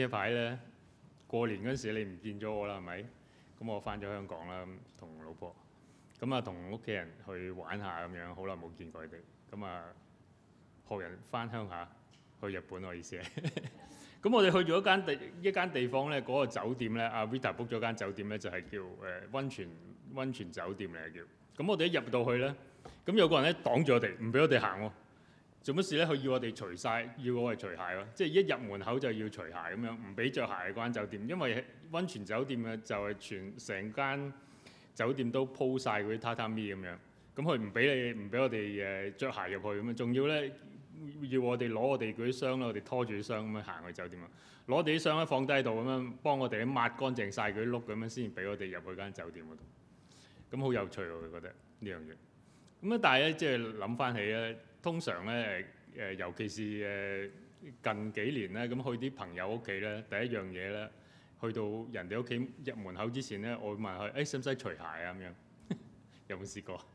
呢一排咧，過年嗰陣時你唔見咗我啦，係咪？咁我翻咗香港啦，同老婆，咁啊同屋企人去玩下咁樣，好耐冇見過佢哋，咁啊學人翻鄉下去日本，我意思係。咁 我哋去咗一間地一間地方咧，嗰、那個酒店咧，阿 Vita book 咗間酒店咧，就係、是、叫誒温泉温泉酒店嚟叫。咁我哋一入到去咧，咁有個人咧擋住我哋、啊，唔俾我哋行喎。做乜事咧？佢要我哋除晒，要我哋除鞋咯、啊，即係一入門口就要除鞋咁樣，唔俾着鞋入間酒店，因為温泉酒店嘅就係、是、全成間酒店都鋪晒嗰啲榻榻米咁樣。咁佢唔俾你唔俾我哋誒著鞋入去咁樣，仲要咧要我哋攞我哋嗰啲箱咧，我哋拖住啲箱咁樣行去酒店啊，攞我哋啲箱咧放低喺度咁樣幫我哋抹乾淨晒佢啲碌咁樣先俾我哋入去間酒店度。咁好有趣喎、啊，我覺得呢樣嘢。咁啊，但係咧即係諗翻起咧。通常咧誒、呃、尤其是誒、呃、近幾年咧，咁去啲朋友屋企咧，第一樣嘢咧，去到人哋屋企入門口之前咧，我會問佢誒使唔使除鞋啊咁樣， 有冇試過？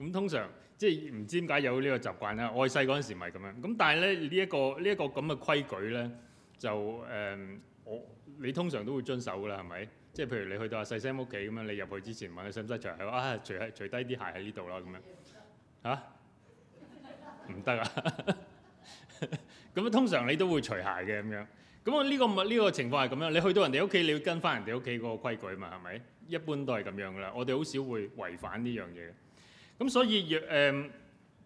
咁通常即係唔知點解有呢個習慣啦。我細嗰陣時咪咁樣，咁但係咧呢一個呢一個咁嘅規矩咧，就誒、呃、我你通常都會遵守㗎啦，係咪？即係譬如你去到阿細聲屋企咁樣，你入去之前問佢使唔使除鞋，啊除係除低啲鞋喺呢度啦咁樣，嚇、啊？唔得啊！咁 通常你都會除鞋嘅咁樣。咁啊呢個呢、這個情況係咁樣。你去到人哋屋企，你要跟翻人哋屋企個規矩嘛？係咪？一般都係咁樣啦。我哋好少會違反呢樣嘢。咁所以若誒，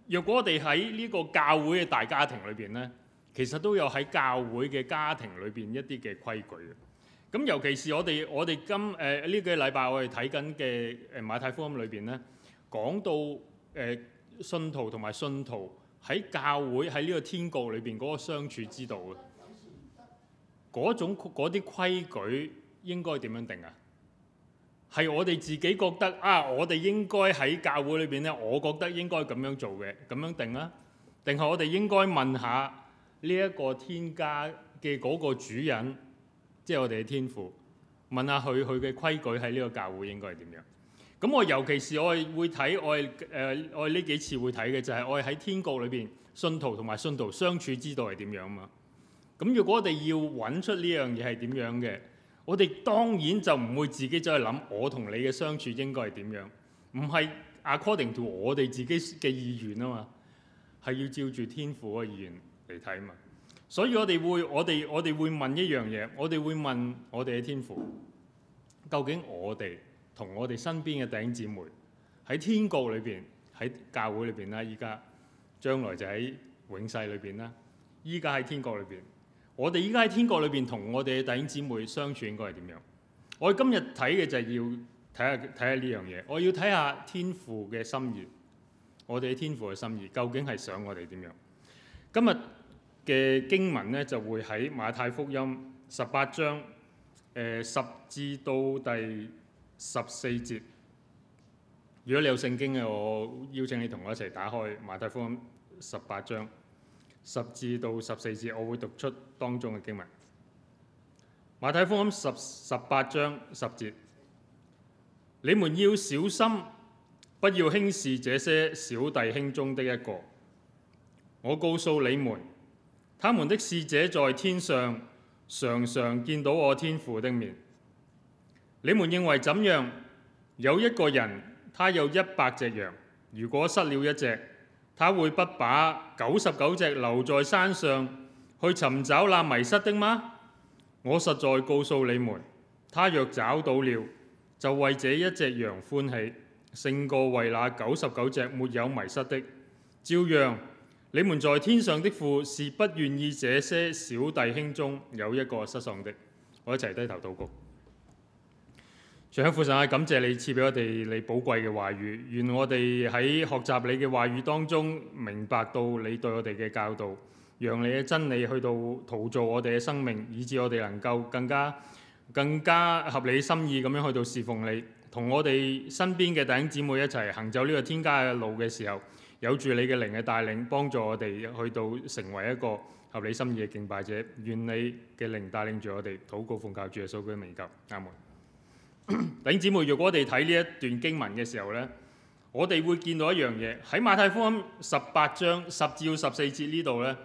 若、呃、果我哋喺呢個教會嘅大家庭裏邊咧，其實都有喺教會嘅家庭裏邊一啲嘅規矩。咁尤其是我哋我哋今誒呢個禮拜我哋睇緊嘅誒馬太福音裏邊咧，講到誒、呃、信徒同埋信徒。喺教會喺呢個天國裏邊嗰個相處之道啊，嗰種嗰啲規矩應該點樣定啊？係我哋自己覺得啊，我哋應該喺教會裏邊咧，我覺得應該咁樣做嘅，咁樣定啊？定係我哋應該問下呢一個天家嘅嗰個主人，即係我哋嘅天父，問下佢佢嘅規矩喺呢個教會應該係點樣？咁我尤其是我係會睇我係誒、呃、我係呢幾次會睇嘅，就係我係喺天國裏邊信徒同埋信徒相處之道係點樣啊嘛。咁如果我哋要揾出呢樣嘢係點樣嘅，我哋當然就唔會自己再去諗我同你嘅相處應該係點樣，唔係 according to 我哋自己嘅意願啊嘛，係要照住天父嘅意願嚟睇啊嘛。所以我哋會，我哋我哋會問一樣嘢，我哋會問我哋嘅天父，究竟我哋？同我哋身邊嘅弟兄姊妹喺天國裏邊，喺教會裏邊啦，依家將來就喺永世裏邊啦。依家喺天國裏邊，我哋依家喺天國裏邊同我哋嘅弟兄姊妹相處應該係點樣？我今日睇嘅就係要睇下睇下呢樣嘢，我要睇下天父嘅心意，我哋嘅天父嘅心意究竟係想我哋點樣？今日嘅經文咧就會喺馬太福音十八章誒十、呃、至到第十四節，如果你有聖經嘅，我邀請你同我一齊打開馬太福音十八章十至到十四節，我會讀出當中嘅經文。馬太福音十十八章十節，你們要小心，不要輕視這些小弟兄中的一個。我告訴你們，他們的使者在天上常常見到我天父的面。你們認為怎樣？有一個人，他有一百隻羊，如果失了一隻，他會不把九十九隻留在山上，去尋找那迷失的嗎？我實在告訴你們，他若找到了，就為這一隻羊歡喜，勝過為那九十九隻沒有迷失的。照樣，你們在天上的父是不願意這些小弟兄中有一個失喪的。我一齊低頭禱告。上主父神，感謝你賜俾我哋你寶貴嘅話語，願我哋喺學習你嘅話語當中，明白到你對我哋嘅教導，讓你嘅真理去到陶造我哋嘅生命，以致我哋能夠更加更加合理心意咁樣去到侍奉你，同我哋身邊嘅弟兄姊妹一齊行走呢個天家嘅路嘅時候，有住你嘅靈嘅帶領，幫助我哋去到成為一個合理心意嘅敬拜者。願你嘅靈帶領住我哋，禱告奉教主嘅數據未及，阿門。等姊 妹，如果我哋睇呢一段經文嘅時候呢，我哋會見到一樣嘢，喺馬太福音十八章十至十四節呢度呢，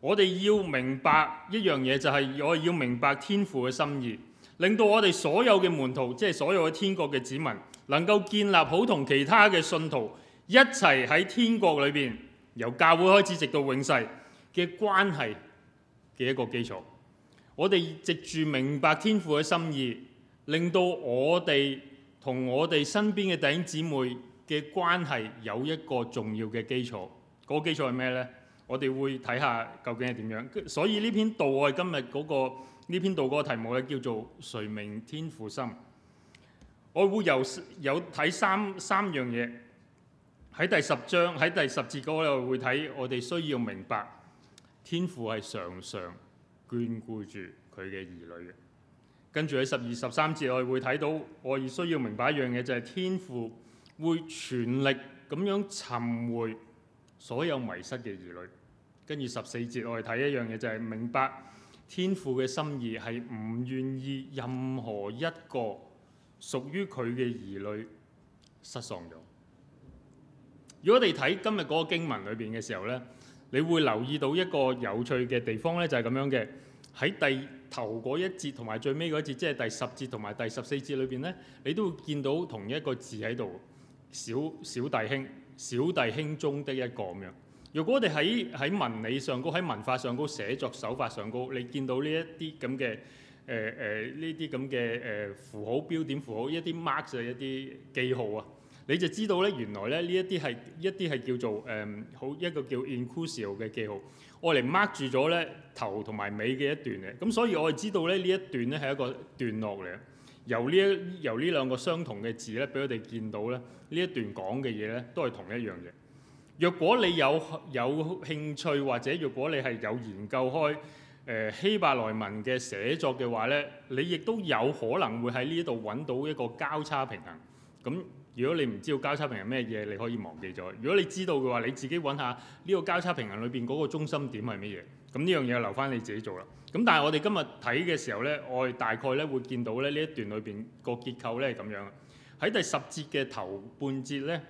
我哋要明白一樣嘢，就係我哋要明白天父嘅心意，令到我哋所有嘅門徒，即係所有嘅天國嘅子民，能夠建立好同其他嘅信徒一齊喺天國裏邊，由教會開始直到永世嘅關係嘅一個基礎。我哋藉住明白天父嘅心意。令到我哋同我哋身邊嘅弟兄姊妹嘅關係有一個重要嘅基礎，嗰個基礎係咩呢？我哋會睇下究竟係點樣。所以呢篇道愛今日嗰個呢篇道嗰個題目咧叫做誰明天父心。我會有有睇三三樣嘢喺第十章喺第十節嗰度，我會睇我哋需要明白天父係常常眷顧住佢嘅兒女嘅。跟住喺十二十三節，我哋會睇到我亦需要明白一樣嘢，就係天父會全力咁樣尋回所有迷失嘅兒女。跟住十四節，我哋睇一樣嘢，就係明白天父嘅心意係唔願意任何一個屬於佢嘅兒女失喪咗。如果你睇今日嗰個經文裏邊嘅時候呢，你會留意到一個有趣嘅地方呢，就係咁樣嘅。喺第頭嗰一節同埋最尾嗰一節，即係第十節同埋第十四節裏邊咧，你都會見到同一個字喺度，小小弟兄，小弟兄中的一個咁樣。如果我哋喺喺文理上高、喺文化上高、寫作手法上高，你見到呢一啲咁嘅誒誒呢啲咁嘅誒符號、標點符號、一啲 mark 嘅一啲記號啊，你就知道咧原來咧呢這些是一啲係一啲係叫做誒、呃、好一個叫 inclusio 嘅記號。我嚟 mark 住咗咧頭同埋尾嘅一段咧，咁所以我係知道咧呢一段咧係一個段落嚟嘅，由呢一由呢兩個相同嘅字咧，俾我哋見到咧呢一段講嘅嘢咧都係同一樣嘅。若果你有有興趣或者若果你係有研究開誒希伯來文嘅寫作嘅話咧，你亦都有可能會喺呢度揾到一個交叉平衡。咁如果你唔知道交叉平衡咩嘢，你可以忘記咗。如果你知道嘅話，你自己揾下呢個交叉平衡裏邊嗰個中心點係乜嘢。咁呢樣嘢留翻你自己做啦。咁但係我哋今日睇嘅時候咧，我哋大概咧會見到咧呢一段裏邊個結構咧係咁樣，喺第十節嘅頭半節咧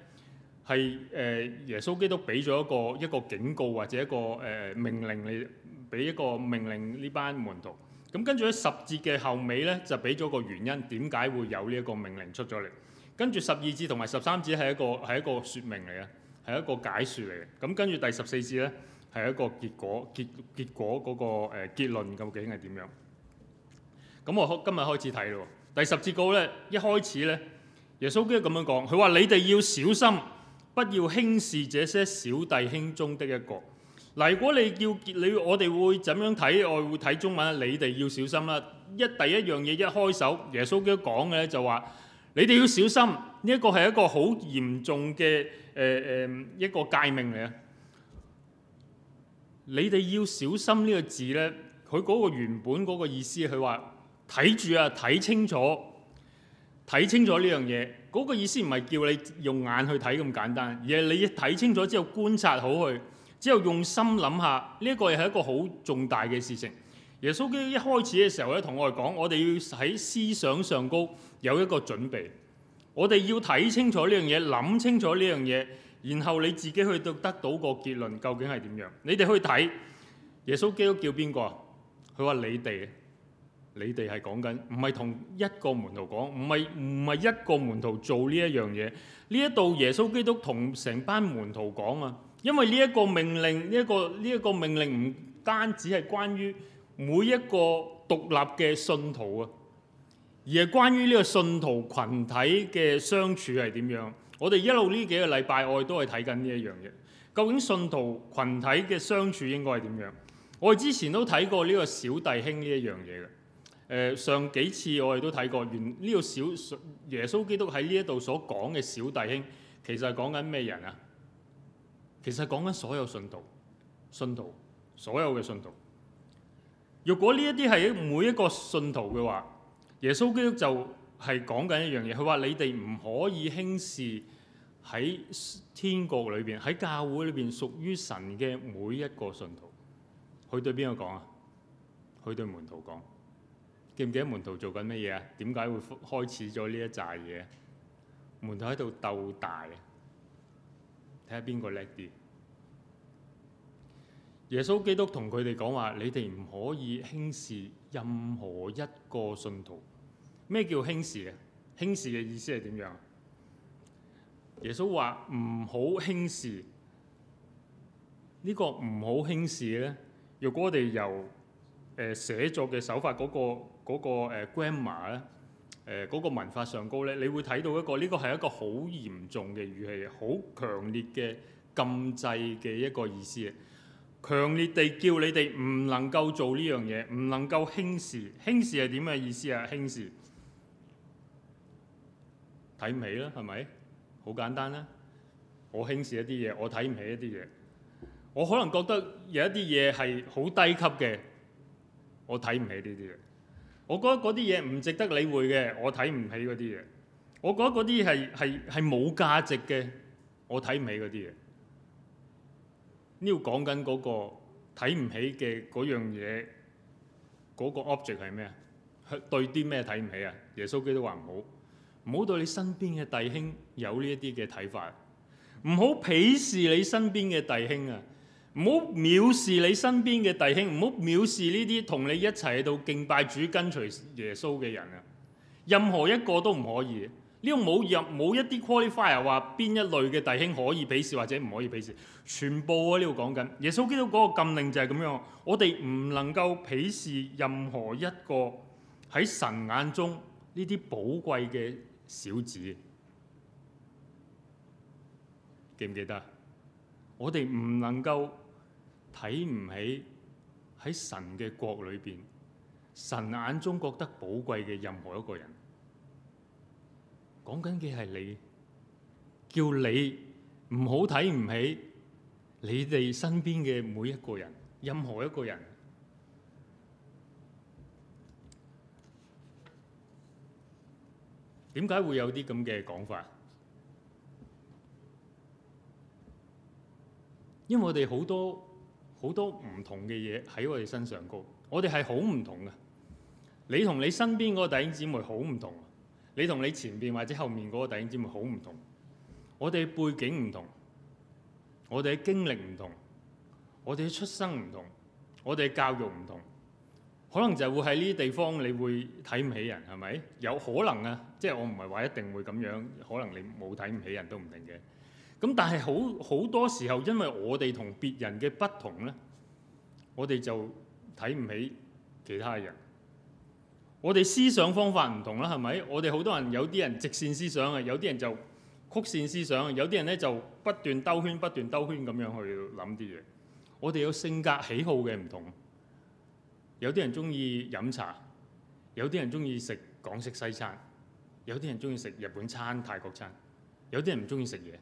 係誒耶穌基督俾咗一個一個警告或者一個誒命令，你俾一個命令呢班門徒。咁跟住喺十節嘅後尾咧就俾咗個原因，點解會有呢一個命令出咗嚟？跟住十二節同埋十三節係一個係一個説明嚟嘅，係一個解説嚟嘅。咁跟住第十四節咧係一個結果結結果嗰個誒結論究竟係點樣？咁我今日開始睇咯。第十節告咧一開始咧，耶穌基督咁樣講，佢話你哋要小心，不要輕視這些小弟兄中的一個。嗱，如果你叫結你我哋會怎樣睇？我會睇中文。你哋要小心啦！一第一樣嘢一開手，耶穌基督講嘅就話。你哋要小心，呢、這個、一個係、呃呃、一個好嚴重嘅誒誒一個誡命嚟啊！你哋要小心呢個字呢，佢嗰個原本嗰個意思，佢話睇住啊，睇清楚，睇清楚呢樣嘢。嗰、那個意思唔係叫你用眼去睇咁簡單，而係你睇清楚之後觀察好佢，之後用心諗下。呢、這個、一個係一個好重大嘅事情。耶穌基督一開始嘅時候咧，同我哋講，我哋要喺思想上高有一個準備，我哋要睇清楚呢樣嘢，諗清楚呢樣嘢，然後你自己去到得到個結論究竟係點樣？你哋去睇耶穌基督叫邊個啊？佢話你哋，你哋係講緊，唔係同一個門徒講，唔係唔係一個門徒做呢一樣嘢。呢一度耶穌基督同成班門徒講啊，因為呢一個命令，呢一個呢一個命令唔單止係關於每一個獨立嘅信徒啊。而係關於呢個信徒群體嘅相處係點樣？我哋一路呢幾個禮拜，我哋都係睇緊呢一樣嘢。究竟信徒群體嘅相處應該係點樣？我哋之前都睇過呢個小弟兄呢一樣嘢嘅。誒、呃，上幾次我哋都睇過，原呢、呢個小耶穌基督喺呢一度所講嘅小弟兄，其實係講緊咩人啊？其實係講緊所有信徒，信徒所有嘅信徒。如果呢一啲係每一個信徒嘅話，耶穌基督就係講緊一樣嘢，佢話你哋唔可以輕視喺天國裏邊、喺教會裏邊屬於神嘅每一個信徒。佢對邊個講啊？佢對門徒講。記唔記得門徒做緊咩嘢啊？點解會開始咗呢一扎嘢？門徒喺度鬥大，睇下邊個叻啲。耶穌基督同佢哋講話：你哋唔可以輕視任何一個信徒。咩叫輕視啊？輕視嘅意思係點樣？耶穌話唔好輕視。這個、輕視呢個唔好輕視咧。若果我哋由誒寫、呃、作嘅手法嗰、嗰個嗰 grammar 咧，誒、嗰、嗰個、呃、文化上高咧，你會睇到一個呢、呢個係一個好嚴重嘅語氣，好強烈嘅禁制嘅一個意思嘅。強烈地叫你哋唔能夠做呢樣嘢，唔能夠輕視。輕視係點嘅意思啊？輕視。睇唔起啦，係咪？好簡單啦，啊。我輕視一啲嘢，我睇唔起一啲嘢。我可能覺得有一啲嘢係好低級嘅，我睇唔起呢啲嘢。我覺得嗰啲嘢唔值得理會嘅，我睇唔起嗰啲嘢。我覺得嗰啲係係係冇價值嘅，我睇唔起嗰啲嘢。呢度講緊嗰個睇唔起嘅嗰樣嘢，嗰個 object 係咩啊？係對啲咩睇唔起啊？耶穌基督都話唔好。唔好對你身邊嘅弟兄有呢一啲嘅睇法，唔好鄙視你身邊嘅弟兄啊！唔好藐視你身邊嘅弟兄，唔好藐視呢啲同你一齊喺度敬拜主、跟隨耶穌嘅人啊！任何一個都唔可以。呢度冇入冇一啲 qualifier 話邊一類嘅弟兄可以鄙視或者唔可以鄙視，全部啊！呢度講緊耶穌基督嗰個禁令就係咁樣。我哋唔能夠鄙視任何一個喺神眼中呢啲寶貴嘅。小子，記唔記得？我哋唔能夠睇唔起喺神嘅國裏邊，神眼中覺得寶貴嘅任何一個人。講緊嘅係你，叫你唔好睇唔起你哋身邊嘅每一個人，任何一個人。點解會有啲咁嘅講法？因為我哋好多好多唔同嘅嘢喺我哋身上，高我哋係好唔同嘅。你同你身邊嗰個弟兄姊妹好唔同，你同你前邊或者後面嗰個弟兄姊妹好唔同。我哋背景唔同，我哋嘅經歷唔同，我哋嘅出生唔同，我哋嘅教育唔同。可能就係會喺呢啲地方，你會睇唔起人，係咪？有可能啊，即係我唔係話一定會咁樣，可能你冇睇唔起人都唔定嘅。咁但係好好多時候，因為我哋同別人嘅不同呢，我哋就睇唔起其他人。我哋思想方法唔同啦，係咪？我哋好多人有啲人直線思想啊，有啲人就曲線思想，有啲人呢就不斷兜圈、不斷兜圈咁樣去諗啲嘢。我哋有性格喜好嘅唔同。有啲人中意飲茶，有啲人中意食港式西餐，有啲人中意食日本餐、泰國餐，有啲人唔中意食嘢，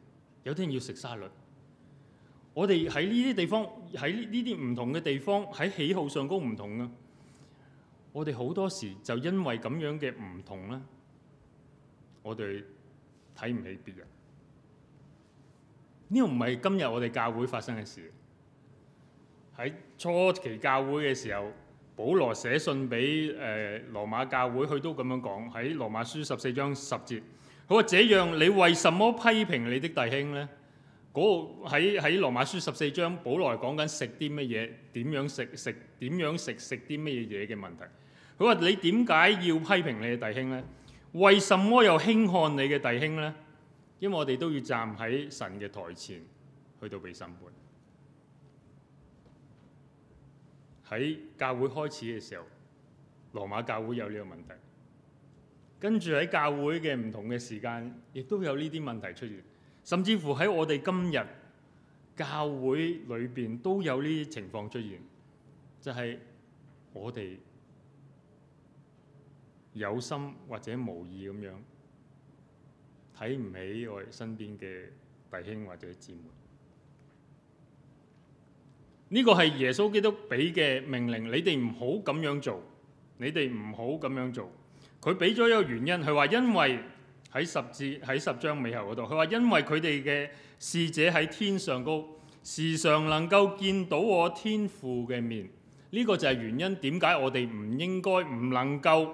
有啲人要食沙律。我哋喺呢啲地方，喺呢啲唔同嘅地方，喺喜好上高唔同噶。我哋好多時就因為咁樣嘅唔同啦，我哋睇唔起別人。呢個唔係今日我哋教會發生嘅事，喺初期教會嘅時候。保羅寫信俾誒、呃、羅馬教會，佢都咁樣講，喺羅馬書十四章十節，佢話，這樣你為什麼批評你的弟兄呢？嗰個，嗰喺喺羅馬書十四章，保羅講緊食啲乜嘢，點樣食食點樣食食啲乜嘢嘅問題。佢話你點解要批評你嘅弟兄呢？為什麼又輕看你嘅弟兄呢？因為我哋都要站喺神嘅台前去到被審判。喺教會開始嘅時候，羅馬教會有呢個問題，跟住喺教會嘅唔同嘅時間，亦都有呢啲問題出現，甚至乎喺我哋今日教會裏邊都有呢啲情況出現，就係我哋有心或者無意咁樣睇唔起我哋身邊嘅弟兄或者姊妹。呢個係耶穌基督俾嘅命令，你哋唔好咁樣做，你哋唔好咁樣做。佢俾咗一個原因，佢話因為喺十字喺十章尾後嗰度，佢話因為佢哋嘅使者喺天上高，時常能夠見到我天父嘅面。呢個就係原因，點解我哋唔應該唔能夠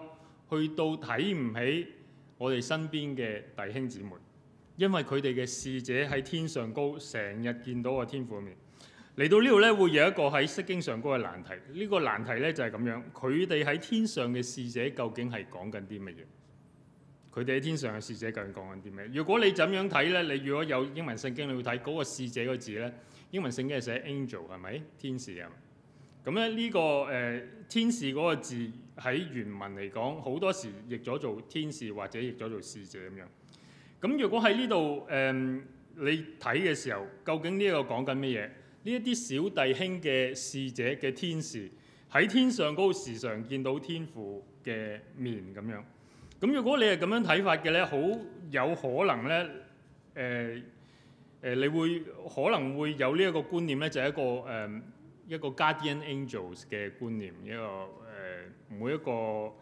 去到睇唔起我哋身邊嘅弟兄姊妹，因為佢哋嘅使者喺天上高，成日見到我天父嘅面。嚟到這裡呢度咧，會有一個喺《色經》上高嘅難題。呢、這個難題咧就係、是、咁樣，佢哋喺天上嘅使者究竟係講緊啲乜嘢？佢哋喺天上嘅使者究竟講緊啲乜？如果你怎樣睇咧，你如果有英文聖經，你會睇嗰個使者個字咧，英文聖經係寫 angel 係咪天使啊？咁咧呢個誒、呃、天使嗰個字喺原文嚟講，好多時譯咗做天使或者譯咗做使者咁樣。咁如果喺呢度誒你睇嘅時候，究竟呢一個講緊乜嘢？呢一啲小弟兄嘅侍者嘅天使喺天上嗰個時常見到天父嘅面咁樣，咁如果你係咁樣睇法嘅咧，好有可能咧，誒、呃、誒、呃、你會可能會有呢一個觀念咧，就係、是、一個誒、呃、一個 guardian angels 嘅觀念，一個誒、呃、每一個嗰、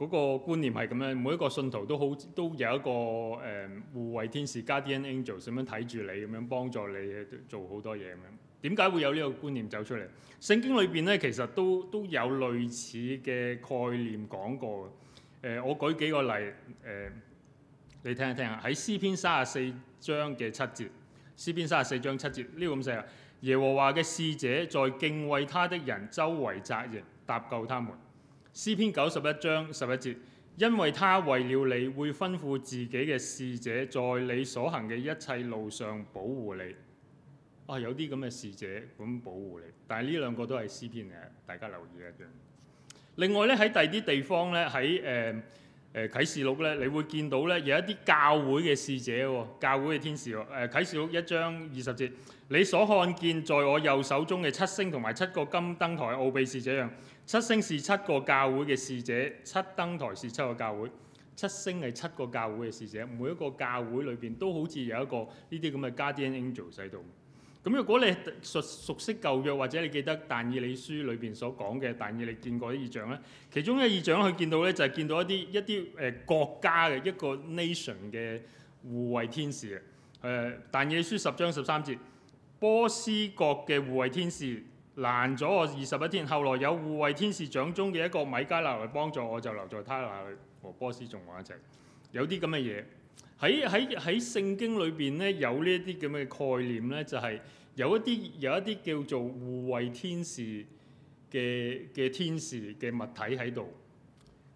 那個觀念係咁樣，每一個信徒都好都有一個誒護衛天使 guardian angels 咁樣睇住你，咁樣幫助你做好多嘢咁樣。點解會有呢個觀念走出嚟？聖經裏邊咧，其實都都有類似嘅概念講過嘅。誒、呃，我舉幾個例，誒、呃，你聽一聽啊。喺詩篇三十四章嘅七節，詩篇三十四章七節，呢、這個咁寫啊。耶和華嘅使者在敬畏他的人周圍紮營，搭救他們。詩篇九十一章十一節，因為他為了你，會吩咐自己嘅使者在你所行嘅一切路上保護你。啊，有啲咁嘅使者咁保護你，但係呢兩個都係詩篇嚟，大家留意一樣。另外咧，喺第二啲地方咧，喺誒誒啟示錄咧，你會見到咧有一啲教會嘅使者喎，教會嘅天使喎。誒、呃、啟示錄一章二十節，你所看見在我右手中嘅七星同埋七個金燈台，奧秘使者樣。七星是七個教會嘅使者，七燈台是七個教會，七星係七個教會嘅使者。每一個教會裏邊都好似有一個呢啲咁嘅 Guardian Angel 喺度。這咁如果你熟熟悉舊約，或者你記得但以理書裏邊所講嘅但以理見過啲異象咧，其中一個異象佢見到咧就係、是、見到一啲一啲誒國家嘅一個 nation 嘅護衛天使嘅誒但以理書十章十三節，波斯國嘅護衛天使攔咗我二十一天，後來有護衛天使長中嘅一個米加拿嚟幫助我，就留在他那裡，和波斯仲有一齊，有啲咁嘅嘢。喺喺喺聖經裏邊咧，有呢一啲咁嘅概念咧，就係、是、有一啲有一啲叫做護衛天使嘅嘅天使嘅物體喺度。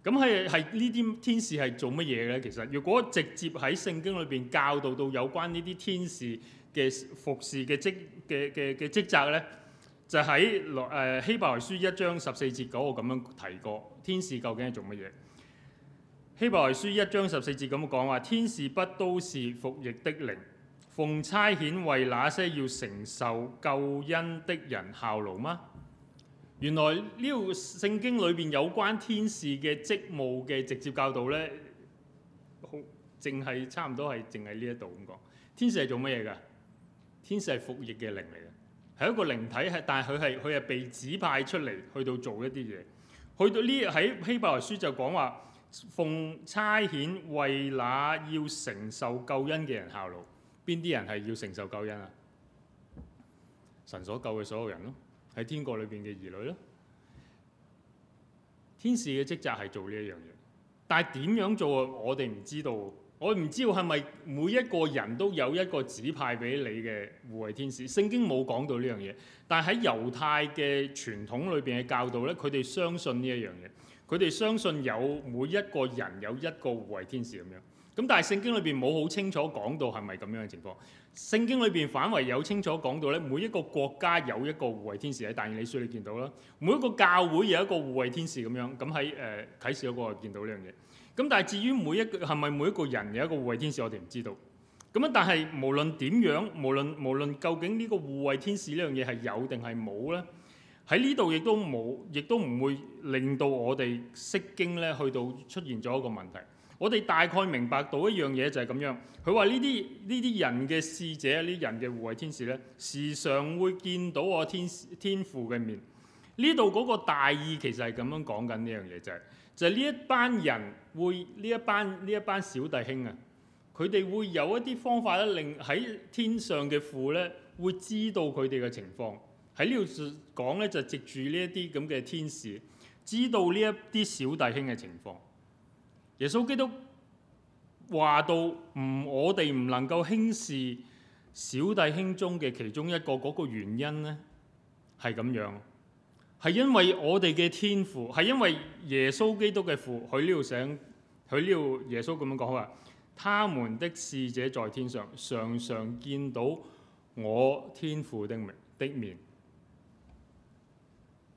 咁係係呢啲天使係做乜嘢咧？其實，如果直接喺聖經裏邊教導到有關呢啲天使嘅服侍嘅職嘅嘅嘅職責咧，就喺羅、呃、希伯來書一章十四節嗰個咁樣提過，天使究竟係做乜嘢？希伯來書一章十四節咁講話：天使不都是服役的靈，奉差遣為那些要承受救恩的人效勞嗎？原來呢個聖經裏邊有關天使嘅職務嘅直接教導呢，好淨係差唔多係淨係呢一度咁講。天使係做乜嘢噶？天使係服役嘅靈嚟嘅，係一個靈體，係但係佢係佢係被指派出嚟去到做一啲嘢。去到呢喺希伯來書就講話。奉差遣為那要承受救恩嘅人效勞，邊啲人係要承受救恩啊？神所救嘅所有人咯，啊，喺天國裏邊嘅兒女咯，啊，天使嘅職責係做呢一樣嘢。但係點樣做，我哋唔知道。我唔知道係咪每一個人都有一個指派俾你嘅護衛天使？聖經冇講到呢樣嘢，但係喺猶太嘅傳統裏邊嘅教導咧，佢哋相信呢一樣嘢。佢哋相信有每一個人有一個護衛天使咁樣，咁但係聖經裏邊冇好清楚講到係咪咁樣嘅情況。聖經裏邊反為有清楚講到咧，每一個國家有一個護衛天使，喺但以理書你見到啦，每一個教會有一個護衛天使咁樣，咁喺誒啟示嗰度見到呢樣嘢。咁但係至於每一，係咪每一個人有一個護衛天使，我哋唔知道。咁樣但係無論點樣，無論無論究竟呢個護衛天使呢樣嘢係有定係冇咧？喺呢度亦都冇，亦都唔會令到我哋識經咧，去到出現咗一個問題。我哋大概明白到一樣嘢就係咁樣。佢話呢啲呢啲人嘅使者，呢人嘅護衛天使咧，時常會見到我天天父嘅面。呢度嗰個大意其實係咁樣講緊呢樣嘢就係，就係呢一班人會呢一班呢一班小弟兄啊，佢哋會有一啲方法咧，令喺天上嘅父咧會知道佢哋嘅情況。喺呢度講咧，就藉住呢一啲咁嘅天使，知道呢一啲小弟兄嘅情況。耶穌基督話到唔，我哋唔能夠輕視小弟兄中嘅其中一個嗰、那個原因咧，係咁樣，係因為我哋嘅天父，係因為耶穌基督嘅父。佢呢度想佢呢度耶穌咁樣講話，他們的使者在天上常常見到我天父的明的面。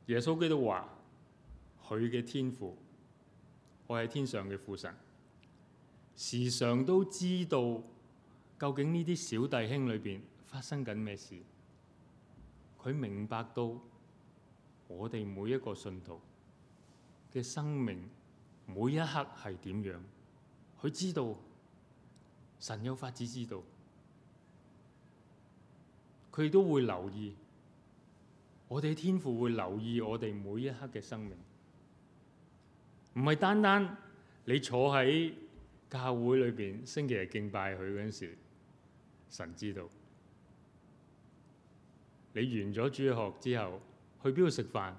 耶穌基督話：佢嘅天父，我係天上嘅父神，時常都知道究竟呢啲小弟兄裏面發生緊咩事。佢明白到我哋每一個信徒嘅生命每一刻係點樣，佢知道神有法子知道，佢都會留意。我哋天父會留意我哋每一刻嘅生命，唔係單單你坐喺教會裏邊星期日敬拜佢嗰陣時，神知道。你完咗主學之後去邊度食飯，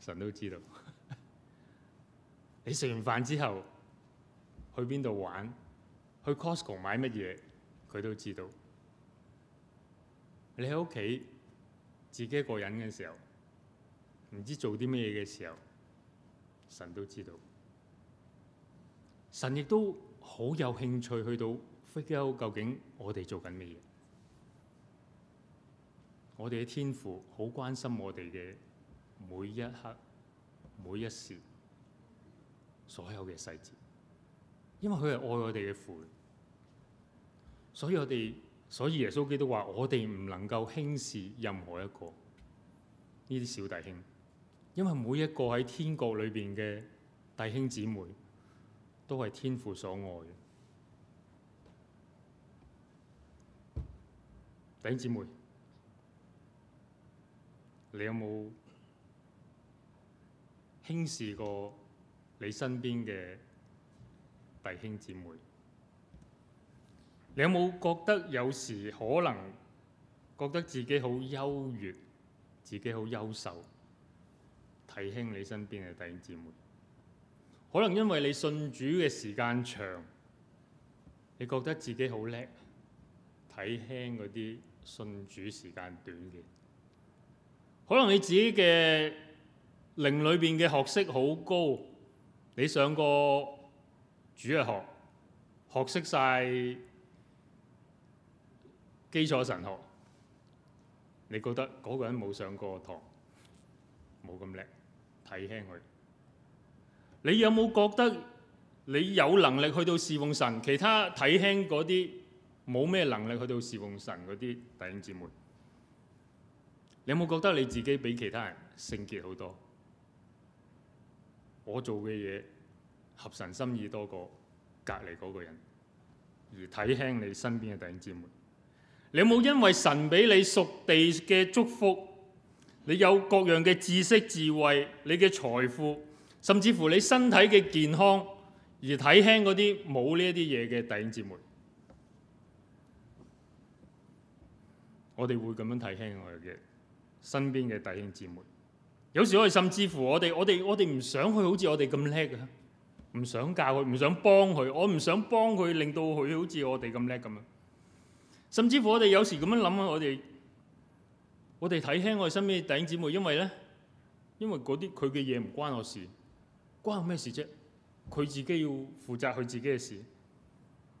神都知道。 你食完飯之後去邊度玩，去 Costco 買乜嘢，佢都知道。你喺屋企，自己一個人嘅時候，唔知做啲咩嘅時候，神都知道。神亦都好有興趣去到非洲，究竟我哋做緊咩嘢？我哋嘅天父好關心我哋嘅每一刻、每一時、所有嘅細節，因為佢係愛我哋嘅父，所以我哋。所以耶穌基督話：我哋唔能夠輕視任何一個呢啲小弟兄，因為每一個喺天國裏邊嘅弟兄姊妹都係天父所愛嘅。弟兄姊妹，你有冇輕視過你身邊嘅弟兄姊妹？你有冇覺得有時可能覺得自己好優越，自己好優秀？睇輕你身邊嘅弟兄姊妹，可能因為你信主嘅時間長，你覺得自己好叻，睇輕嗰啲信主時間短嘅。可能你自己嘅靈裏面嘅學識好高，你上過主日學，學識晒。基礎神學，你覺得嗰個人冇上過堂，冇咁叻，睇輕佢。你有冇覺得你有能力去到侍奉神？其他睇輕嗰啲冇咩能力去到侍奉神嗰啲弟兄姊妹，你有冇覺得你自己比其他人聖潔好多？我做嘅嘢合神心意多過隔離嗰個人，而睇輕你身邊嘅弟兄姊妹。你冇因為神俾你屬地嘅祝福，你有各樣嘅知識、智慧，你嘅財富，甚至乎你身體嘅健康，而睇輕嗰啲冇呢一啲嘢嘅弟兄姊妹。我哋會咁樣睇輕我哋嘅身邊嘅弟兄姊妹。有時我哋甚至乎我哋我哋我哋唔想佢好似我哋咁叻嘅，唔想教佢，唔想幫佢，我唔想幫佢令到佢好似我哋咁叻咁樣！甚至乎我哋有時咁樣諗啊！我哋我哋睇輕我哋身邊弟兄姊妹，因為咧，因為嗰啲佢嘅嘢唔關我事，關我咩事啫？佢自己要負責佢自己嘅事，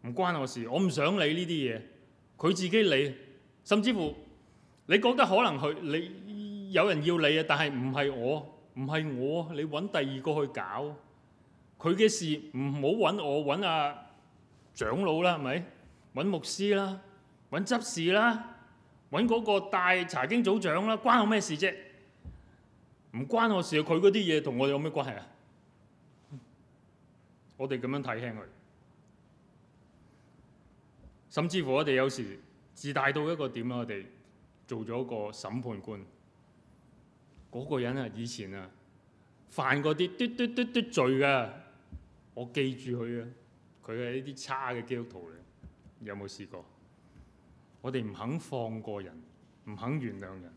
唔關我事。我唔想理呢啲嘢，佢自己理。甚至乎你覺得可能佢你有人要理啊，但係唔係我，唔係我，你揾第二個去搞佢嘅事，唔好揾我揾阿、啊、長老啦，係咪？揾牧師啦。搵執事啦，搵嗰個大查經組長啦，關我咩事啫？唔關我事啊！佢嗰啲嘢同我哋有咩關係啊？我哋咁樣睇輕佢，甚至乎我哋有時自大到一個點啦，我哋做咗個審判官，嗰個人啊，以前啊犯過啲嘟嘟嘟嘟嘟罪嘅，我記住佢啊，佢係一啲差嘅基督徒嚟，有冇試過？我哋唔肯放過人，唔肯原諒人。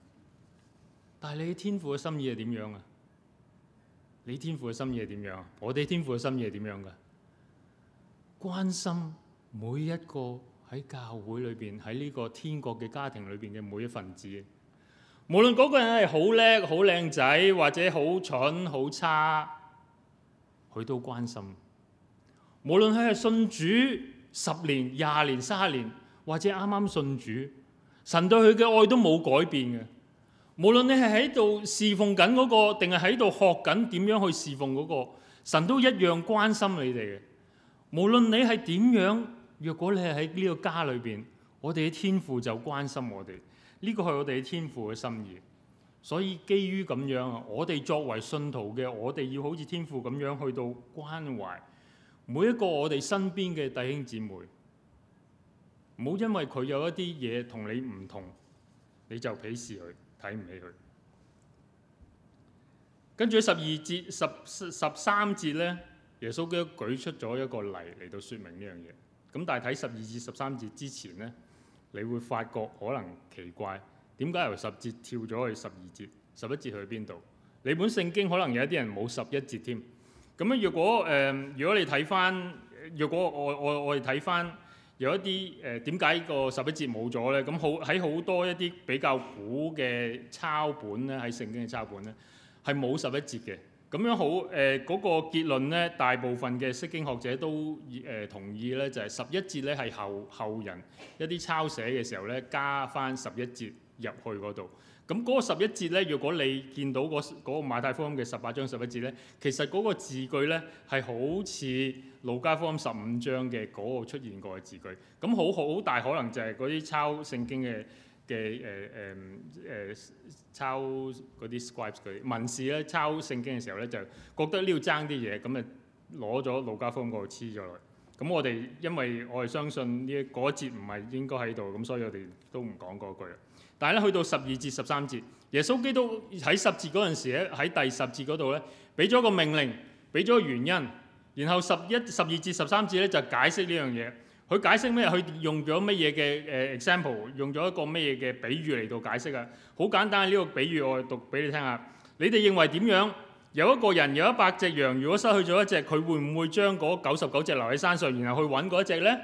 但係你天父嘅心意係點樣啊？你天父嘅心意係點樣？我哋天父嘅心意係點樣嘅？關心每一個喺教會裏邊喺呢個天國嘅家庭裏邊嘅每一份子，無論嗰個人係好叻、好靚仔，或者好蠢、好差，佢都關心。無論佢係信主十年、廿年、卅年。或者啱啱信主，神對佢嘅愛都冇改變嘅。無論你係喺度侍奉緊嗰個，定係喺度學緊點樣去侍奉嗰個，神都一樣關心你哋嘅。無論你係點樣，若果你係喺呢個家裏邊，我哋嘅天父就關心我哋。呢個係我哋嘅天父嘅心意。所以基於咁樣啊，我哋作為信徒嘅，我哋要好似天父咁樣去到關懷每一個我哋身邊嘅弟兄姊妹。唔好因為佢有一啲嘢同你唔同，你就鄙視佢，睇唔起佢。跟住十二節十十三節呢，耶穌基督舉出咗一個例嚟到說明呢樣嘢。咁但係睇十二至十三節之前呢，你會發覺可能奇怪，點解由十節跳咗去十二節？十一節去邊度？你本聖經可能有一啲人冇十一節添。咁樣若果誒、呃，如果你睇翻，若果我我我哋睇翻。有一啲誒，點解個十一節冇咗呢？咁，好喺好多一啲比較古嘅抄本咧，喺聖經嘅抄本咧，係冇十一節嘅。咁樣好誒，嗰、呃嗰個結論咧，大部分嘅釋經學者都誒、呃、同意咧，就係十一節咧係後後人一啲抄寫嘅時候咧加返十一節。入去嗰度，咁嗰十一節咧，如果你見到嗰嗰個馬太福音嘅十八章十一節咧，其實嗰個字句咧係好似路加福音十五章嘅嗰個出現過嘅字句，咁好好大可能就係嗰啲抄聖經嘅嘅誒誒誒抄嗰啲 scribes 啲文士咧抄聖經嘅時候咧就覺得呢度爭啲嘢，咁啊攞咗路加福音嗰度黐咗落嚟。咁我哋因為我係相信呢嗰一節唔係應該喺度，咁所以我哋都唔講嗰句。但係咧，去到十二節十三節，耶穌基督喺十節嗰陣時喺第十節嗰度咧，俾咗個命令，俾咗個原因，然後十一、十二節十三節咧就解釋呢樣嘢。佢解釋咩？佢用咗乜嘢嘅誒 example？用咗一個乜嘢嘅比喻嚟到解釋啊？好簡單，呢個比喻我讀俾你聽下。你哋認為點樣？有一個人有一百隻羊，如果失去咗一隻，佢會唔會將嗰九十九隻留喺山上，然後去揾嗰一隻咧？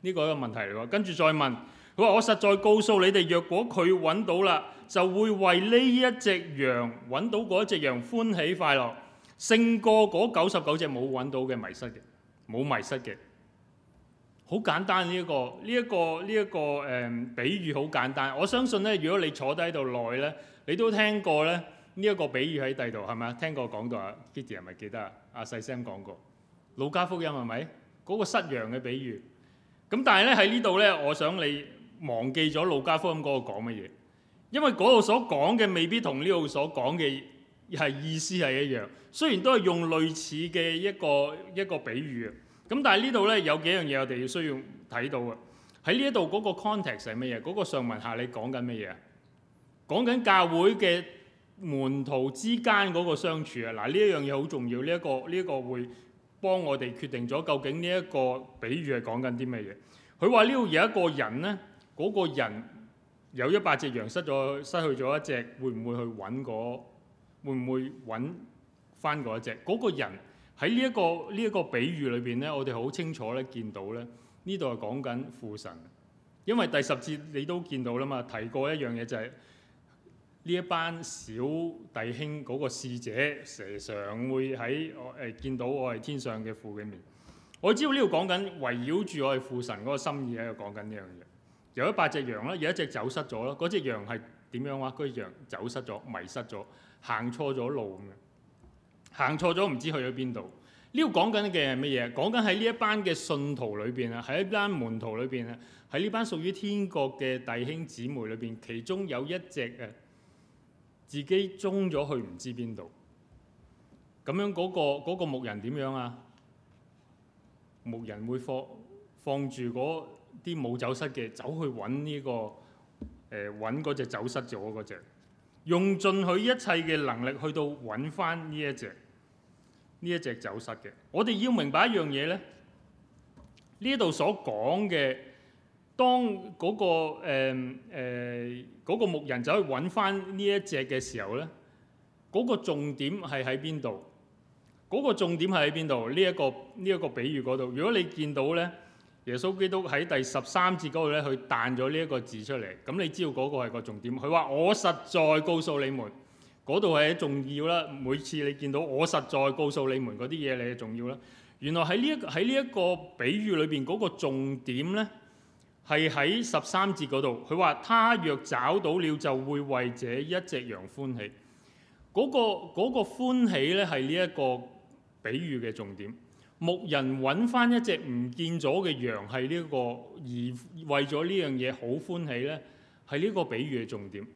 呢個是一個問題嚟喎。跟住再問。佢話：我實在告訴你哋，若果佢揾到啦，就會為呢一隻羊揾到嗰一隻羊歡喜快樂，勝過嗰九十九隻冇揾到嘅迷失嘅，冇迷失嘅。好簡單呢一個，呢一個，呢一個誒比喻好簡單。我相信咧，如果你坐低喺度耐咧，你都聽過咧呢一個比喻喺第度係咪？聽過講到啊，Kitty 係咪記得啊？阿細聲講過《路加福音》係咪？嗰個失羊嘅比喻。咁但係咧喺呢度咧，我想你。忘記咗路加福音嗰個講乜嘢，因為嗰度所講嘅未必同呢度所講嘅係意思係一樣，雖然都係用類似嘅一個一個比喻啊。咁但係呢度呢，有幾樣嘢我哋要需要睇到啊。喺呢度嗰個 context 係乜嘢？嗰、嗰個上文下你講緊乜嘢？講緊教會嘅門徒之間嗰個相處啊。嗱呢一樣嘢好重要，呢、呢、一個呢一、呢個會幫我哋決定咗究竟呢一個比喻係講緊啲乜嘢。佢話呢度有一個人呢。嗰、那個人有一百隻羊失咗，失去咗一隻，會唔會去揾嗰？會唔會揾翻嗰一隻？嗰、那個人喺呢一個呢一、這個比喻裏邊咧，我哋好清楚咧，見到咧呢度係講緊父神，因為第十節你都見到啦嘛，提過一樣嘢就係、是、呢一班小弟兄嗰個使者，常常會喺誒見到我係天上嘅父嘅面。我知道呢度講緊圍繞住我係父神嗰個心意喺度講緊呢樣嘢。有一百隻羊啦，有一隻走失咗啦。嗰隻羊係點樣話？嗰隻羊走失咗，迷失咗，行錯咗路咁樣，行錯咗唔知去咗邊度。呢度講緊嘅係乜嘢？講緊喺呢一班嘅信徒裏邊啊，喺一班門徒裏邊啊，喺呢班屬於天國嘅弟兄姊妹裏邊，其中有一隻啊自己中咗去唔知邊度。咁樣嗰個，嗰個牧人點樣啊？牧人會放放住嗰啲冇走失嘅，走去揾呢個誒，揾嗰隻走失咗嗰隻，用盡佢一切嘅能力去到揾翻呢一隻呢一隻走失嘅。我哋要明白一樣嘢咧，呢度所講嘅當嗰個誒誒嗰個牧人走去揾翻呢一隻嘅時候咧，嗰個重點係喺邊度？嗰個重點係喺邊度？呢一個呢一個比喻嗰度，如果你見到咧。耶穌基督喺第十三節嗰度咧，佢彈咗呢一個字出嚟。咁你知道嗰個係個重點。佢話：我實在告訴你們，嗰度係重要啦。每次你見到我實在告訴你們嗰啲嘢，你係重要啦。原來喺呢一個喺呢一個比喻裏邊，嗰個重點咧係喺十三節嗰度。佢話：他若找到了，就會為這一隻羊歡喜。嗰個嗰個歡喜咧，係呢一個比喻嘅重點。牧人揾翻一隻唔見咗嘅羊，係呢個，而為咗呢樣嘢好歡喜呢，係呢個比喻嘅重點。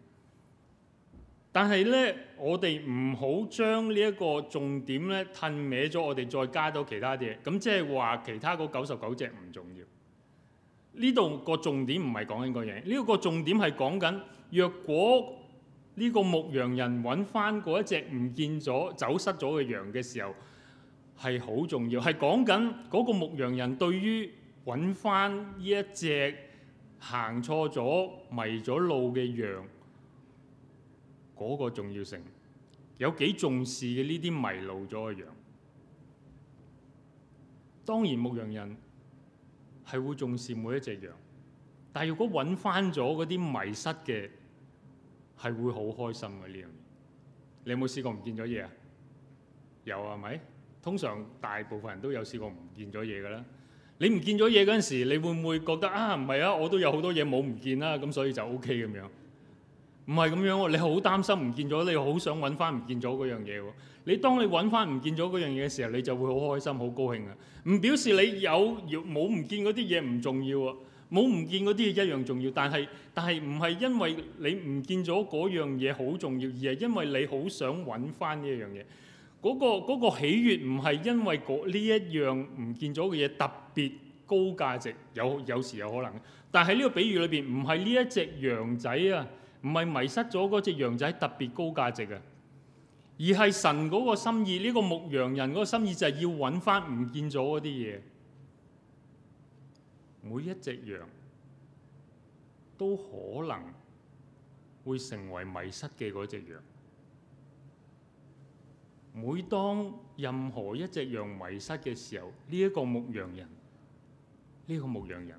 但係呢，我哋唔好將呢一個重點呢褪歪咗，我哋再加多其他嘢，咁即係話其他嗰九十九隻唔重要。呢度個重點唔係講緊個嘢，呢個重點係講緊若果呢個牧羊人揾翻嗰一隻唔見咗走失咗嘅羊嘅時候，係好重要，係講緊嗰個牧羊人對於揾翻呢一隻行錯咗迷咗路嘅羊嗰個重要性，有幾重視嘅呢啲迷路咗嘅羊。當然牧羊人係會重視每一隻羊，但係如果揾翻咗嗰啲迷失嘅，係會好開心嘅呢樣嘢。你有冇試過唔見咗嘢啊？有啊，係咪？通常大部分人都有試過唔見咗嘢㗎啦。你唔見咗嘢嗰陣時，你會唔會覺得啊唔係啊？我都有好多嘢冇唔見啦，咁所以就 OK 咁樣。唔係咁樣喎，你好擔心唔見咗，你好想揾翻唔見咗嗰樣嘢喎。你當你揾翻唔見咗嗰樣嘢嘅時候，你就會好開心、好高興啊。唔表示你有冇唔見嗰啲嘢唔重要啊，冇唔見嗰啲嘢一樣重要。但係但係唔係因為你唔見咗嗰樣嘢好重要，而係因為你好想揾翻呢一樣嘢。嗰個嗰個喜悅唔係因為嗰呢一樣唔見咗嘅嘢特別高價值，有有時有可能。但係呢個比喻裏邊，唔係呢一隻羊仔啊，唔係迷失咗嗰隻羊仔特別高價值啊，而係神嗰個心意。呢個牧羊人嗰個心意就係要揾翻唔見咗嗰啲嘢。每一隻羊都可能會成為迷失嘅嗰隻羊。每當任何一隻羊迷失嘅時候，呢一個牧羊人，呢個牧羊人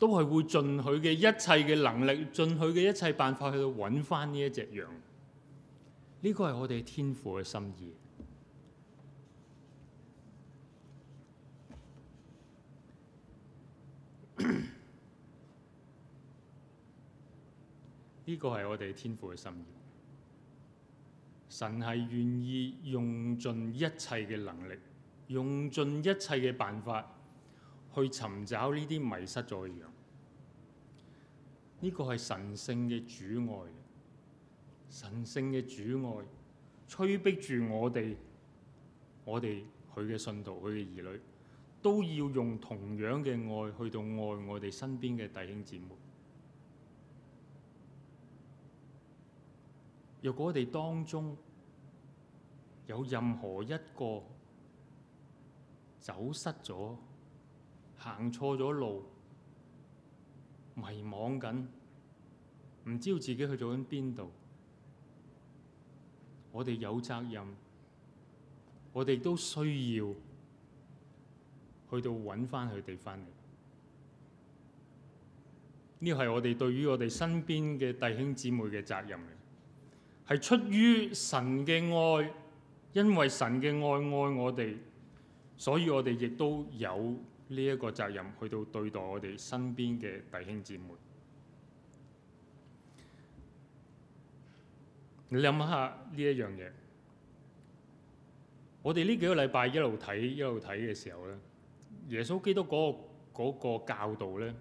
都係會盡佢嘅一切嘅能力，盡佢嘅一切辦法去到揾翻呢一隻羊。呢個係我哋天父嘅心意。呢個係我哋天父嘅心意。神係願意用盡一切嘅能力，用盡一切嘅辦法去尋找呢啲迷失咗嘅羊。呢個係神聖嘅主愛，神聖嘅主愛催逼住我哋，我哋佢嘅信徒佢嘅兒女都要用同樣嘅愛去到愛我哋身邊嘅弟兄姊妹。若果我哋當中，有任何一個走失咗、行錯咗路、迷惘緊、唔知道自己去咗喺邊度，我哋有責任，我哋都需要去到搵返佢哋返嚟。呢個係我哋對於我哋身邊嘅弟兄姊妹嘅責任，係出於神嘅愛。因為神嘅愛愛我哋，所以我哋亦都有呢一個責任去到對待我哋身邊嘅弟兄姊妹。你諗下呢一樣嘢，我哋呢幾個禮拜一路睇一路睇嘅時候咧，耶穌基督嗰嗰個教導呢，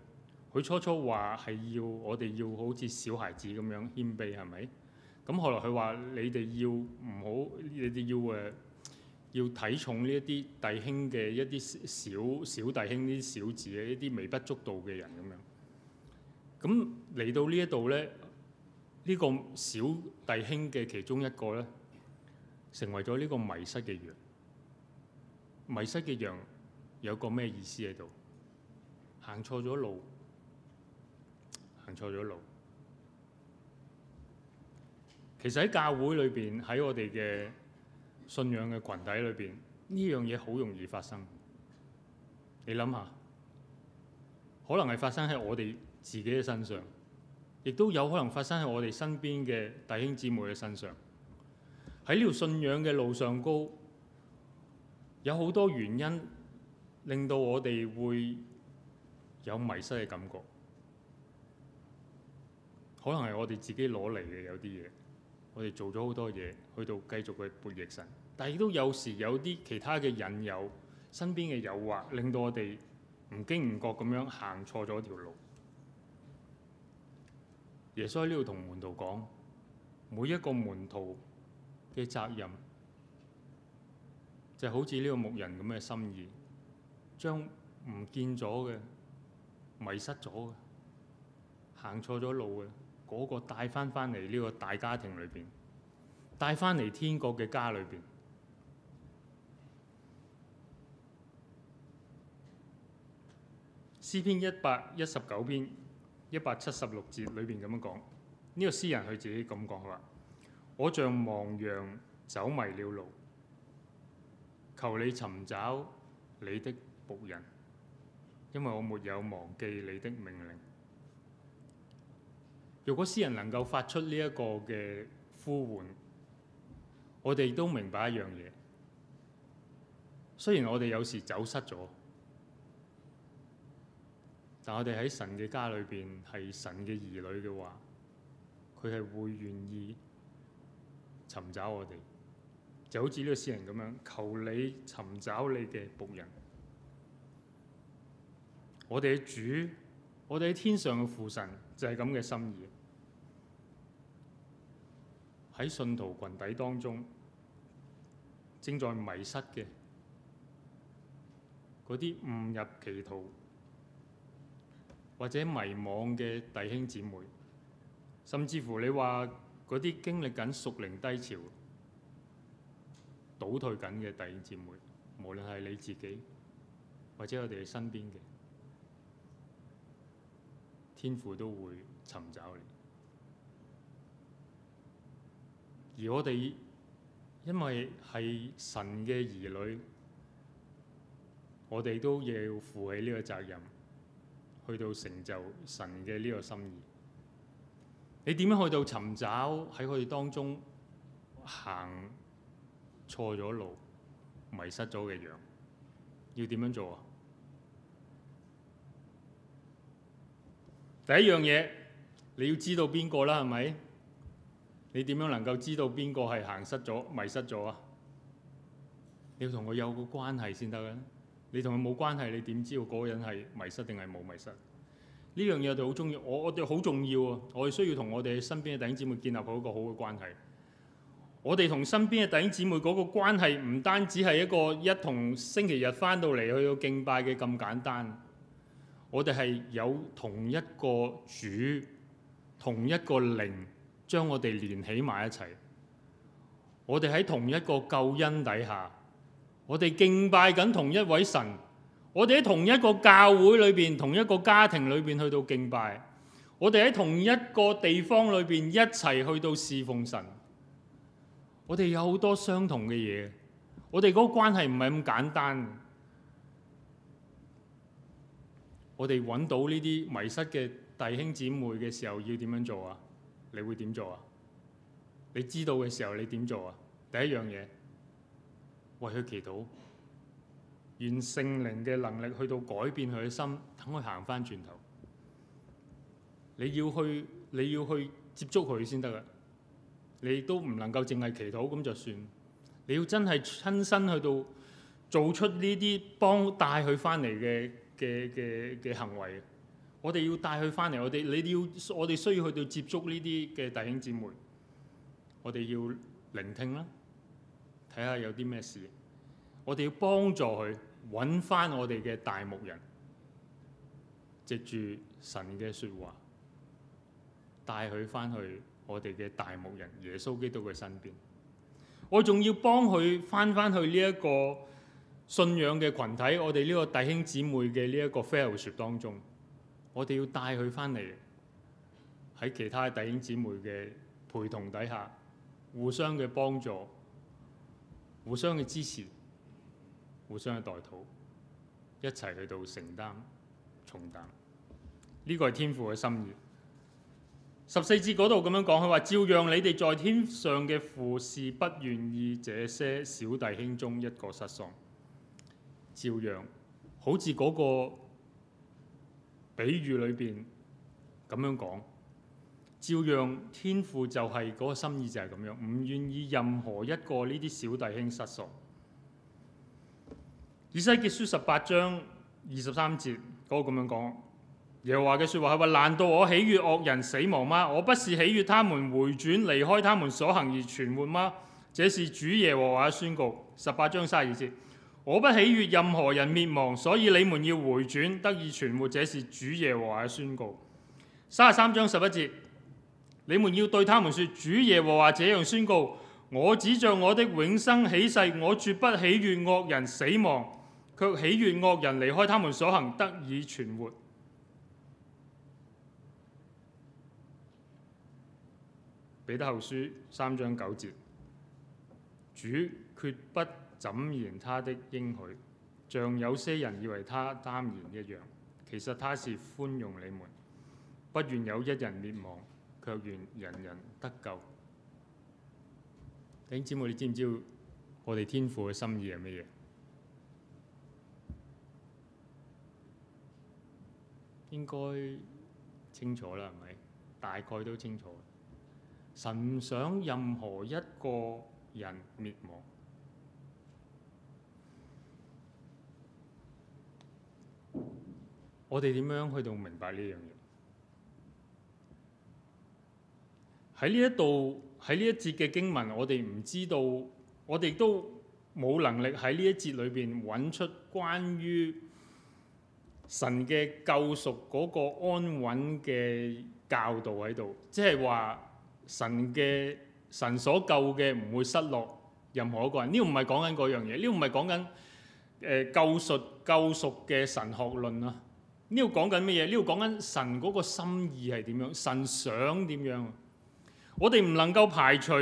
佢初初話係要我哋要好似小孩子咁樣謙卑，係咪？咁後來佢話：你哋要唔好，你哋要誒，要睇重呢一啲弟兄嘅一啲小小弟兄呢啲小子嘅一啲微不足道嘅人咁樣。咁嚟到呢一度咧，呢個小弟兄嘅其中一個咧，成為咗呢個迷失嘅羊。迷失嘅羊有個咩意思喺度？行錯咗路，行錯咗路。其實喺教會裏邊，喺我哋嘅信仰嘅群體裏邊，呢樣嘢好容易發生。你諗下，可能係發生喺我哋自己嘅身上，亦都有可能發生喺我哋身邊嘅弟兄姊妹嘅身上。喺呢條信仰嘅路上高，有好多原因令到我哋會有迷失嘅感覺。可能係我哋自己攞嚟嘅有啲嘢。我哋做咗好多嘢，去到繼續去背逆神，但亦都有時有啲其他嘅引誘、身邊嘅誘惑，令到我哋唔經唔覺咁樣行錯咗條路。耶穌喺呢度同門徒講，每一個門徒嘅責任就係好似呢個牧人咁嘅心意，將唔見咗嘅、迷失咗嘅、行錯咗路嘅。嗰、那個帶翻返嚟呢個大家庭裏邊，帶翻嚟天國嘅家裏邊。詩篇一百一十九篇一百七十六節裏邊咁樣講，呢、這個詩人佢自己咁講：佢話我像亡羊走迷了路，求你尋找你的僕人，因為我沒有忘記你的命令。如果詩人能夠發出呢一個嘅呼喚，我哋都明白一樣嘢。雖然我哋有時走失咗，但我哋喺神嘅家裏邊係神嘅兒女嘅話，佢係會願意尋找我哋。就好似呢個詩人咁樣，求你尋找你嘅僕人。我哋嘅主，我哋喺天上嘅父神就係咁嘅心意。喺信徒群體當中，正在迷失嘅嗰啲誤入歧途或者迷惘嘅弟兄姊妹，甚至乎你話嗰啲經歷緊屬靈低潮、倒退緊嘅弟兄姊妹，無論係你自己或者我哋身邊嘅，天父都會尋找你。而我哋因為係神嘅兒女，我哋都要負起呢個責任，去到成就神嘅呢個心意。你點樣去到尋找喺佢哋當中行錯咗路、迷失咗嘅羊？要點樣做啊？第一樣嘢，你要知道邊個啦，係咪？你點樣能夠知道邊個係行失咗、迷失咗啊？你要同佢有個關係先得嘅。你同佢冇關係，你點知道嗰個人係迷失定係冇迷失？呢樣嘢我哋好重要，我我哋好重要啊！我哋需要同我哋身邊嘅弟兄姊妹建立好一個好嘅關係。我哋同身邊嘅弟兄姊妹嗰個關係唔單止係一個一同星期日翻到嚟去到敬拜嘅咁簡單。我哋係有同一個主、同一個靈。將我哋連起埋一齊，我哋喺同一個救恩底下，我哋敬拜緊同一位神，我哋喺同一個教會裏面，同一個家庭裏面去到敬拜，我哋喺同一個地方裏面一齊去到侍奉神，我哋有好多相同嘅嘢，我哋嗰個關係唔係咁簡單。我哋揾到呢啲迷失嘅弟兄姊妹嘅時候，要點樣做啊？你會點做啊？你知道嘅時候你點做啊？第一樣嘢為佢祈禱，願聖靈嘅能力去到改變佢嘅心，等佢行翻轉頭。你要去，你要去接觸佢先得㗎。你都唔能夠淨係祈禱咁就算。你要真係親身去到做出呢啲幫帶佢翻嚟嘅嘅嘅嘅行為。我哋要帶佢翻嚟，我哋你要我哋需要去到接觸呢啲嘅弟兄姊妹，我哋要聆聽啦，睇下有啲咩事，我哋要幫助佢揾翻我哋嘅大牧人，藉住神嘅説話帶佢翻去我哋嘅大牧人耶穌基督嘅身邊。我仲要幫佢翻翻去呢一個信仰嘅群體，我哋呢個弟兄姊妹嘅呢一個 fellowship 當中。我哋要帶佢翻嚟，喺其他弟兄姊妹嘅陪同底下，互相嘅幫助，互相嘅支持，互相嘅代禱，一齊去到承擔重擔。呢個係天父嘅心意。十四節嗰度咁樣講，佢話照樣，你哋在天上嘅父是不願意這些小弟兄中一個失喪，照樣好似嗰個。比喻裏邊咁樣講，照樣天父就係嗰個心意就係咁樣，唔願意任何一個呢啲小弟兄失喪。以西結書十八章二十三節嗰個咁樣講，耶和華嘅説話係話：難道我喜悅惡人死亡嗎？我不是喜悅他們回轉離開他們所行而存活嗎？這是主耶和華嘅宣告。十八章卅二節。我不喜悅任何人滅亡，所以你們要回轉得以存活，這是主耶和華的宣告。三十三章十一節，你們要對他們說，主耶和華這樣宣告：我指着我的永生起誓，我絕不喜悅惡人死亡，卻喜悅惡人離開他們所行，得以存活。彼得後書三章九節，主決不。怎言他的應許，像有些人以為他擔言一樣，其實他是寬容你們，不願有一人滅亡，卻願人人得救。弟兄姊妹，你知唔知我哋天父嘅心意係乜嘢？應該清楚啦，係咪？大概都清楚。神唔想任何一個人滅亡。我哋點樣去到明白呢樣嘢？喺呢一度，喺呢一節嘅經文，我哋唔知道，我哋都冇能力喺呢一節裏邊揾出關於神嘅救贖嗰個安穩嘅教導喺度。即係話神嘅神所救嘅唔會失落任何一個人。呢個唔係講緊嗰樣嘢，呢個唔係講緊誒救贖救贖嘅神學論啊。呢度講緊乜嘢？呢度講緊神嗰個心意係點樣？神想點樣？我哋唔能夠排除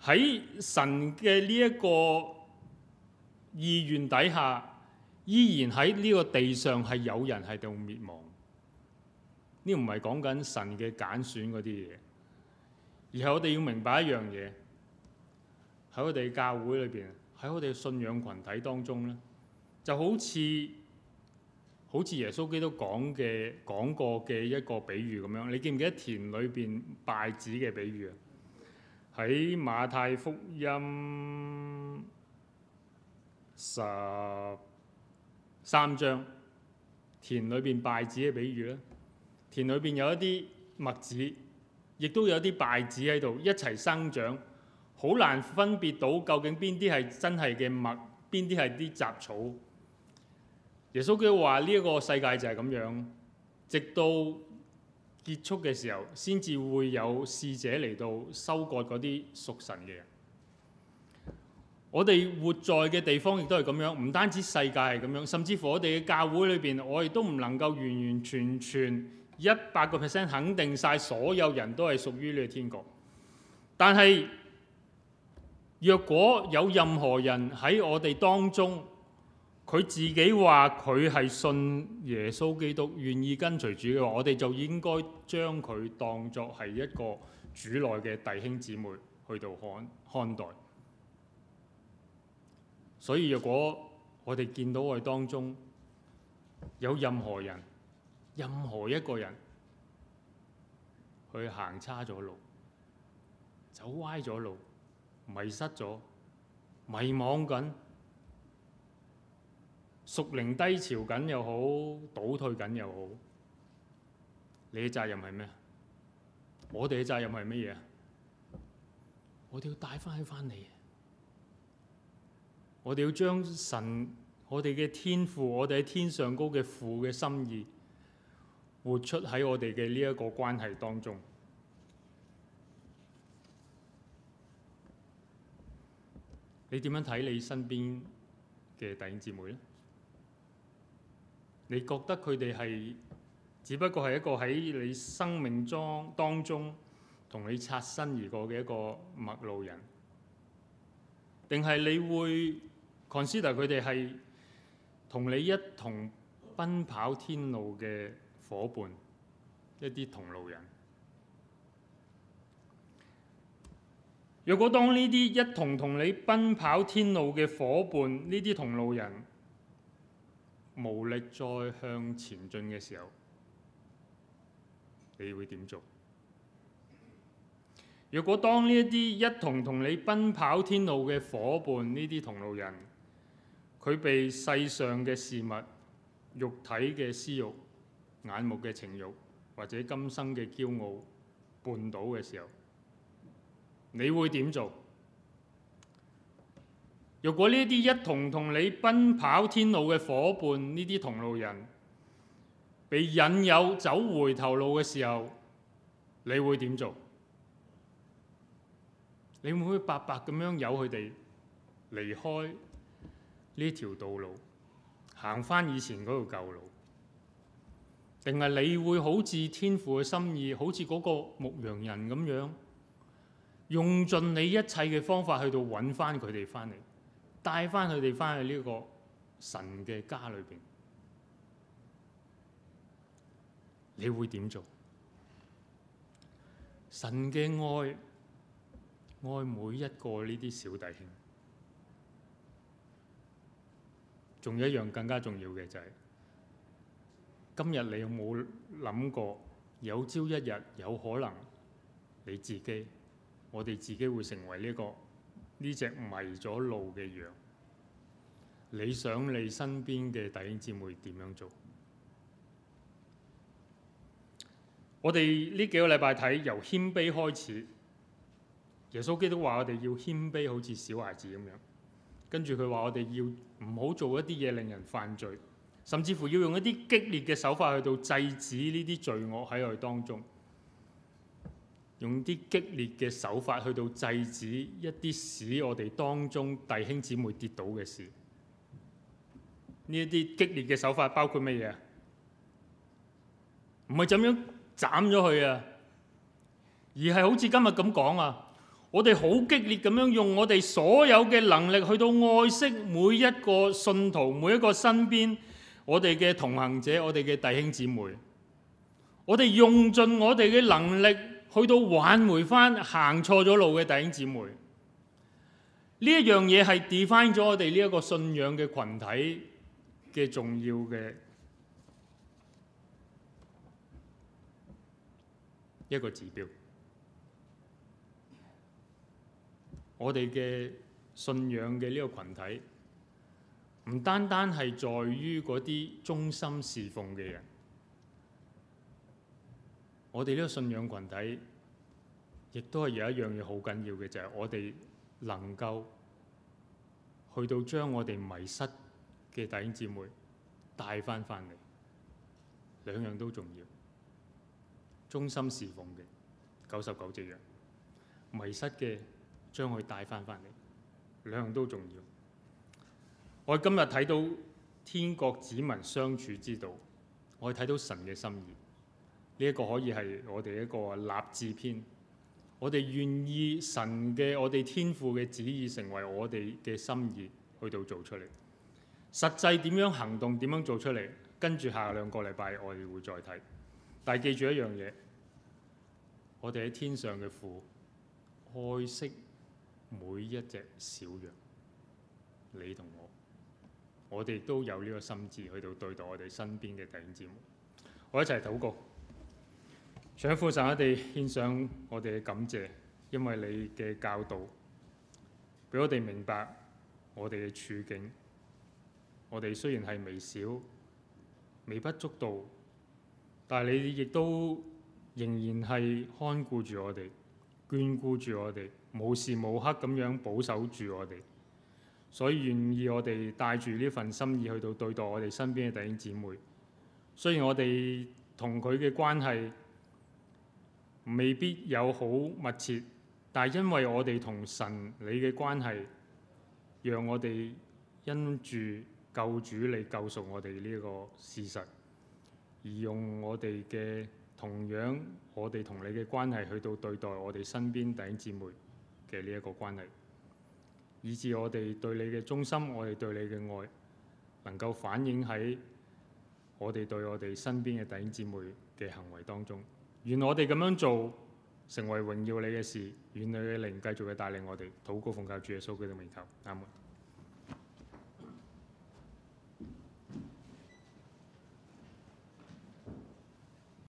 喺神嘅呢一個意願底下，依然喺呢個地上係有人喺度滅亡。呢唔係講緊神嘅揀選嗰啲嘢，而係我哋要明白一樣嘢喺我哋教會裏邊，喺我哋嘅信仰群體當中咧，就好似。好似耶穌基督講嘅、講過嘅一個比喻咁樣，你記唔記得田裏邊稗子嘅比喻啊？喺馬太福音十三章，田裏邊稗子嘅比喻咧，田裏邊有一啲麥子，亦都有啲稗子喺度一齊生長，好難分別到究竟邊啲係真係嘅麥，邊啲係啲雜草。耶穌基督話：呢個世界就係咁樣，直到結束嘅時候，先至會有使者嚟到收割嗰啲屬神嘅人。我哋活在嘅地方亦都係咁樣，唔單止世界係咁樣，甚至乎我哋嘅教會裏邊，我亦都唔能夠完完全全一百個 percent 肯定晒，所有人都係屬於呢個天國。但係，若果有任何人喺我哋當中，佢自己話佢係信耶穌基督，願意跟隨主嘅話，我哋就應該將佢當作係一個主內嘅弟兄姊妹去到看看待。所以若果我哋見到我哋當中有任何人、任何一個人去行差咗路、走歪咗路、迷失咗、迷惘緊。屬靈低潮緊又好，倒退緊又好，你嘅責任係咩？我哋嘅責任係乜嘢？我哋要帶翻起翻嚟，我哋要將神、我哋嘅天父、我哋喺天上高嘅父嘅心意活出喺我哋嘅呢一個關係當中。你點樣睇你身邊嘅弟兄姊妹咧？你覺得佢哋係只不過係一個喺你生命中當中同你擦身而過嘅一個陌路人，定係你會 consider 佢哋係同你一同奔跑天路嘅伙伴，一啲同路人？若果當呢啲一同同你奔跑天路嘅伙伴，呢啲同路人，無力再向前進嘅時候，你會點做？如果當呢一啲一同同你奔跑天路嘅夥伴，呢啲同路人，佢被世上嘅事物、肉體嘅私欲、眼目嘅情欲，或者今生嘅驕傲，絆倒嘅時候，你會點做？如果呢啲一同同你奔跑天路嘅伙伴，呢啲同路人被引誘走回頭路嘅時候，你會點做？你會唔會白白咁樣由佢哋離開呢條道路，行翻以前嗰條舊路？定係你會好似天父嘅心意，好似嗰個牧羊人咁樣，用盡你一切嘅方法去到揾翻佢哋翻嚟？帶返佢哋返去呢個神嘅家裏邊，你會點做？神嘅愛愛每一個呢啲小弟兄，仲有一樣更加重要嘅就係，今日你有冇諗過有朝一日有可能你自己，我哋自己會成為呢個？呢隻迷咗路嘅羊，你想你身邊嘅弟兄姊妹點樣做？我哋呢幾個禮拜睇由謙卑開始，耶穌基督話我哋要謙卑，好似小孩子咁樣。跟住佢話我哋要唔好做一啲嘢令人犯罪，甚至乎要用一啲激烈嘅手法去到制止呢啲罪惡喺我哋當中。用啲激烈嘅手法去到制止一啲使我哋當中弟兄姊妹跌倒嘅事。呢一啲激烈嘅手法包括乜嘢？唔係咁樣斬咗佢啊，而係好似今日咁講啊，我哋好激烈咁樣用我哋所有嘅能力去到愛惜每一個信徒、每一個身邊我哋嘅同行者、我哋嘅弟兄姊妹。我哋用盡我哋嘅能力。去到挽回翻行錯咗路嘅弟兄姊妹，呢一樣嘢係 define 咗我哋呢一個信仰嘅群體嘅重要嘅一個指標。我哋嘅信仰嘅呢個群體，唔單單係在於嗰啲忠心侍奉嘅人。我哋呢個信仰群體，亦都係有一樣嘢好緊要嘅，就係我哋能夠去到將我哋迷失嘅弟兄姊妹帶翻翻嚟，兩樣都重要，衷心侍奉嘅九十九隻羊，迷失嘅將佢帶翻翻嚟，兩樣都重要。我哋今日睇到天國子民相處之道，我哋睇到神嘅心意。呢一個可以係我哋一個立志篇。我哋願意神嘅我哋天父嘅旨意成為我哋嘅心意，去到做出嚟。實際點樣行動，點樣做出嚟？跟住下兩個禮拜我哋會再睇。但係記住一樣嘢，我哋喺天上嘅父愛惜每一隻小羊，你同我，我哋都有呢個心智去到對待我哋身邊嘅弟兄姊妹。我一齊禱告。父神，我哋獻上我哋嘅感謝，因為你嘅教導，俾我哋明白我哋嘅處境。我哋雖然係微小、微不足道，但係你亦都仍然係看顧住我哋、眷顧住我哋，無時無刻咁樣保守住我哋。所以願意我哋帶住呢份心意去到對待我哋身邊嘅弟兄姊妹。雖然我哋同佢嘅關係，未必有好密切，但係因為我哋同神你嘅關係，讓我哋因住救主你救贖我哋呢個事實，而用我哋嘅同樣我哋同你嘅關係去到對待我哋身邊弟兄姊妹嘅呢一個關係，以致我哋對你嘅忠心，我哋對你嘅愛，能夠反映喺我哋對我哋身邊嘅弟兄姊妹嘅行為當中。願我哋咁樣做，成為榮耀你嘅事。願你嘅靈繼續嘅帶領我哋，禱告奉靠主耶穌嘅名求，阿門。